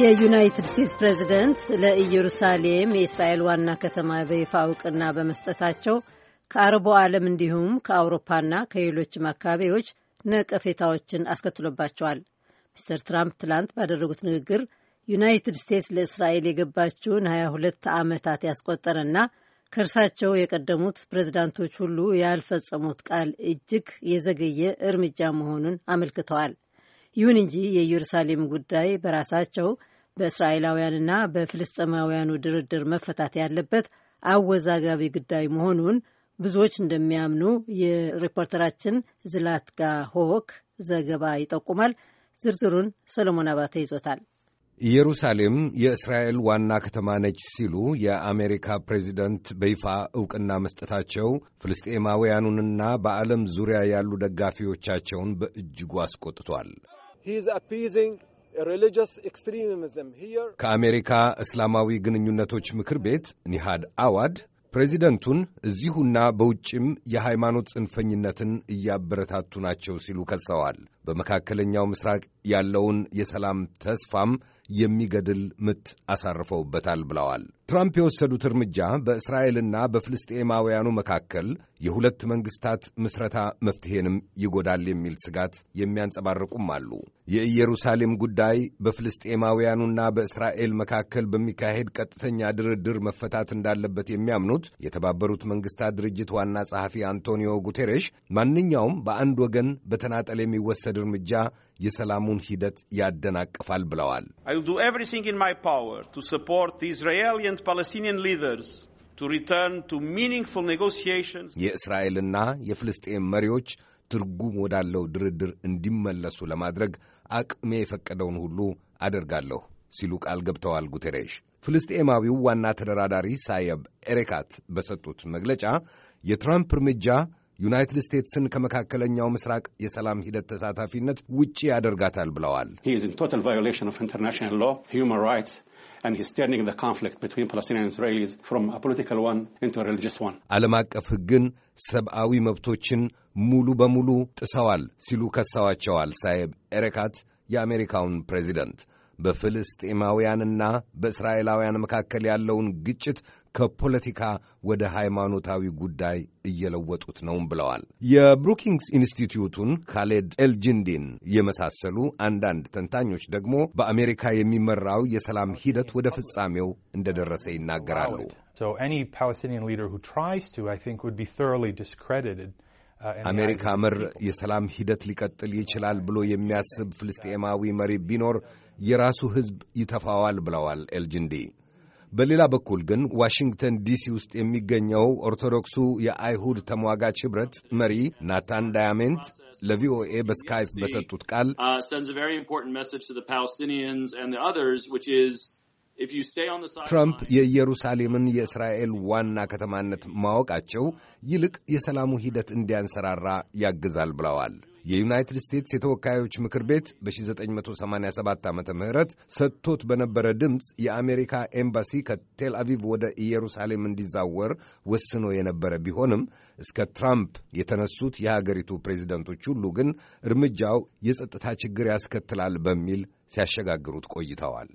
የዩናይትድ ስቴትስ ፕሬዚደንት ለኢየሩሳሌም የእስራኤል ዋና ከተማ በይፋ እውቅና በመስጠታቸው ከአረቡ ዓለም እንዲሁም ከአውሮፓና ከሌሎችም አካባቢዎች ነቀፌታዎችን አስከትሎባቸዋል። ሚስተር ትራምፕ ትላንት ባደረጉት ንግግር ዩናይትድ ስቴትስ ለእስራኤል የገባችውን 22 ዓመታት ያስቆጠረና ከእርሳቸው የቀደሙት ፕሬዝዳንቶች ሁሉ ያልፈጸሙት ቃል እጅግ የዘገየ እርምጃ መሆኑን አመልክተዋል። ይሁን እንጂ የኢየሩሳሌም ጉዳይ በራሳቸው በእስራኤላውያንና በፍልስጤማውያኑ ድርድር መፈታት ያለበት አወዛጋቢ ጉዳይ መሆኑን ብዙዎች እንደሚያምኑ የሪፖርተራችን ዝላትጋ ሆክ ዘገባ ይጠቁማል። ዝርዝሩን ሰሎሞን አባተ ይዞታል። ኢየሩሳሌም የእስራኤል ዋና ከተማ ነች ሲሉ የአሜሪካ ፕሬዚደንት በይፋ ዕውቅና መስጠታቸው ፍልስጤማውያኑንና በዓለም ዙሪያ ያሉ ደጋፊዎቻቸውን በእጅጉ አስቆጥቷል። ከአሜሪካ እስላማዊ ግንኙነቶች ምክር ቤት ኒሃድ አዋድ ፕሬዚደንቱን እዚሁና በውጭም የሃይማኖት ጽንፈኝነትን እያበረታቱ ናቸው ሲሉ ከሰዋል። በመካከለኛው ምስራቅ ያለውን የሰላም ተስፋም የሚገድል ምት አሳርፈውበታል ብለዋል። ትራምፕ የወሰዱት እርምጃ በእስራኤልና በፍልስጤማውያኑ መካከል የሁለት መንግሥታት ምስረታ መፍትሔንም ይጎዳል የሚል ስጋት የሚያንጸባርቁም አሉ። የኢየሩሳሌም ጉዳይ በፍልስጤማውያኑና በእስራኤል መካከል በሚካሄድ ቀጥተኛ ድርድር መፈታት እንዳለበት የሚያምኑት የተባበሩት መንግሥታት ድርጅት ዋና ጸሐፊ አንቶኒዮ ጉቴሬሽ ማንኛውም በአንድ ወገን በተናጠል የሚወሰድ እርምጃ የሰላሙን ሂደት ያደናቅፋል ብለዋል። and Palestinian leaders to return to meaningful negotiations. የእስራኤልና የፍልስጤም መሪዎች ትርጉም ወዳለው ድርድር እንዲመለሱ ለማድረግ አቅሜ የፈቀደውን ሁሉ አደርጋለሁ ሲሉ ቃል ገብተዋል ጉቴሬሽ። ፍልስጤማዊው ዋና ተደራዳሪ ሳየብ ኤሬካት በሰጡት መግለጫ የትራምፕ እርምጃ ዩናይትድ ስቴትስን ከመካከለኛው ምስራቅ የሰላም ሂደት ተሳታፊነት ውጪ ያደርጋታል ብለዋል። and he's turning the conflict between Palestinian and Israelis from a political one into a religious one. ዓለም አቀፍ ሕግን ሰብአዊ መብቶችን ሙሉ በሙሉ ጥሰዋል ሲሉ ከሰዋቸዋል። ሳይብ ኤረካት የአሜሪካውን ፕሬዚደንት በፍልስጤማውያንና በእስራኤላውያን መካከል ያለውን ግጭት ከፖለቲካ ወደ ሃይማኖታዊ ጉዳይ እየለወጡት ነውም ብለዋል። የብሩኪንግስ ኢንስቲትዩቱን ካሌድ ኤልጂንዲን የመሳሰሉ አንዳንድ ተንታኞች ደግሞ በአሜሪካ የሚመራው የሰላም ሂደት ወደ ፍጻሜው እንደደረሰ ይናገራሉ። uh, አሜሪካ መር የሰላም ሂደት ሊቀጥል ይችላል ብሎ የሚያስብ ፍልስጤማዊ መሪ ቢኖር የራሱ ሕዝብ ይተፋዋል ብለዋል ኤልጅንዲ። በሌላ በኩል ግን ዋሽንግተን ዲሲ ውስጥ የሚገኘው ኦርቶዶክሱ የአይሁድ ተሟጋች ኅብረት መሪ ናታን ዳያሜንት ለቪኦኤ በስካይፕ በሰጡት ቃል uh, ትራምፕ የኢየሩሳሌምን የእስራኤል ዋና ከተማነት ማወቃቸው ይልቅ የሰላሙ ሂደት እንዲያንሰራራ ያግዛል ብለዋል። የዩናይትድ ስቴትስ የተወካዮች ምክር ቤት በ1987 ዓ ም ሰጥቶት በነበረ ድምፅ የአሜሪካ ኤምባሲ ከቴል አቪቭ ወደ ኢየሩሳሌም እንዲዛወር ወስኖ የነበረ ቢሆንም እስከ ትራምፕ የተነሱት የሀገሪቱ ፕሬዚደንቶች ሁሉ ግን እርምጃው የጸጥታ ችግር ያስከትላል በሚል ሲያሸጋግሩት ቆይተዋል።